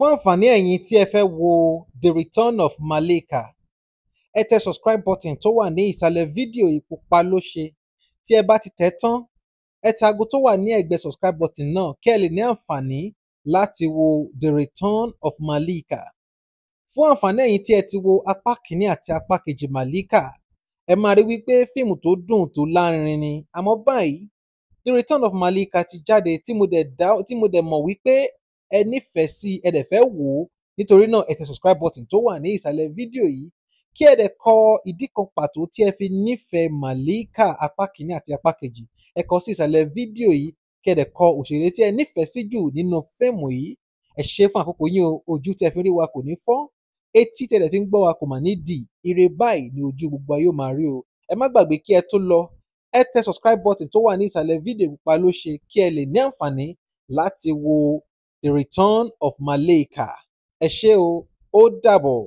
Fún àǹfààní ẹ̀yin tí ẹ fẹ́ wo The Return of Malika, ẹ tẹ subscribe button tó wà ní ìsàlẹ̀ fídíò yìí pupa ló ṣe, tí ẹ bá ti tẹ̀ tán, ẹ tẹ aago tó wà ní ẹ̀gbẹ́ subscribe button náà kí ẹ lè ní àǹfààní láti wo The Return of Malika. Fún àǹfààní ẹ̀yin tí ẹ ti wo apá kìíní àti apá kejì Malika, ẹ máa rí wípé fíìmù tó dùn tó lárinrin ni àmọ́ báyìí The Return of Malika ti jáde tí mo dẹ̀ mọ̀ wípé ẹ nífẹ̀ẹ́ sí ẹ dẹ̀ fẹ́ wò ó nítorí náà ẹ tẹ subscribe button tó wà ní ìsàlẹ̀ fídíò yìí kí ẹ dẹ̀ kọ ìdí kan pàtó tí ẹ fi nífẹ̀ẹ́ màlíkà apá kìíní àti apá kejì ẹ kọ sí ìsàlẹ̀ fídíò yìí kí ẹ dẹ̀ kọ òṣèré tí ẹ nífẹ̀ẹ́ sí jù nínú fíìmù yìí ẹ ṣe fún àkókò yín o ojú tí ẹ fi rí wa kò ní fọ́ etí tí ẹ dẹ̀ fi ń gbọ́ wa kò mà ní dì ire báyìí ni ojú gbogbo ayé máa rí o ẹ má gbàgbé kí ẹ tó lọ ẹ tẹ subscribe button tó wà ní ìsàlẹ̀ fídíò pupa ló ṣe kí ẹ lè ní àǹfààní láti wo The Return of Malaika. Ẹ ṣé o, ó dàbọ̀.